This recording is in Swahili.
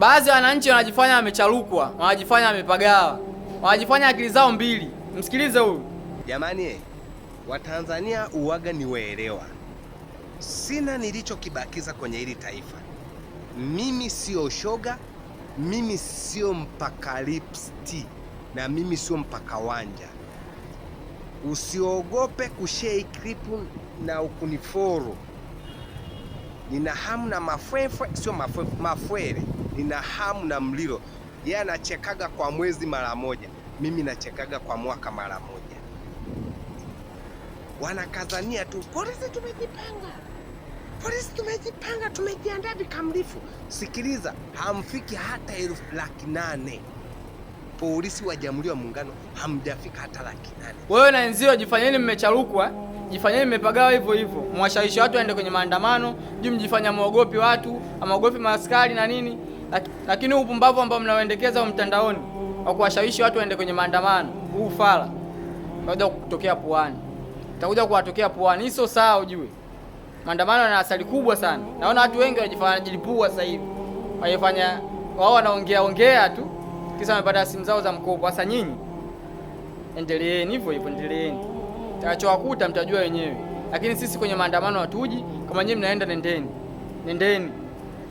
Baadhi ya wananchi wanajifanya wamechalukwa wanajifanya wamepagawa, wanajifanya akili zao mbili. Msikilize huyu jamani, Watanzania uwaga ni waelewa. Sina nilichokibakiza kwenye hili taifa. Mimi sio shoga, mimi sio mpaka lipsti, na mimi sio mpaka wanja. Usiogope kushare clip na ukuniforo. Nina hamu na mafwefwe, sio mafwefwe, mafwele nina hamu na mlilo. Yeye anachekaga kwa mwezi mara moja, mimi nachekaga kwa mwaka mara moja. Wanakazania tu, polisi tumejipanga, polisi tumejipanga, tumejiandaa vikamilifu. Sikiliza, hamfiki hata elfu laki nane. Polisi wa Jamhuri ya Muungano hamjafika hata laki nane. Wewe na nzio, jifanyeni mmecharukwa, jifanyeni mmepagawa hivyo hivyo, mwashawishi watu waende kwenye maandamano juu, mjifanya mwogopi watu, amaogopi maaskari na nini lakini upumbavu ambao mnaoendekeza mtandaoni wa kuwashawishi watu waende kwenye maandamano, huu fala utakuja kutokea puani, utakuja kuwatokea puani. Hiso sawa, ujue maandamano yana athari kubwa sana. Naona watu wengi jilipua sasa hivi, wanafanya wao, wanaongea ongea tu, kisa wamepata simu zao za mkopo. Sasa nyinyi endeleeni hivyo hivyo, endeleeni, takachowakuta mtajua wenyewe, lakini sisi kwenye maandamano hatuji. Kama nyinyi mnaenda, nendeni, nendeni.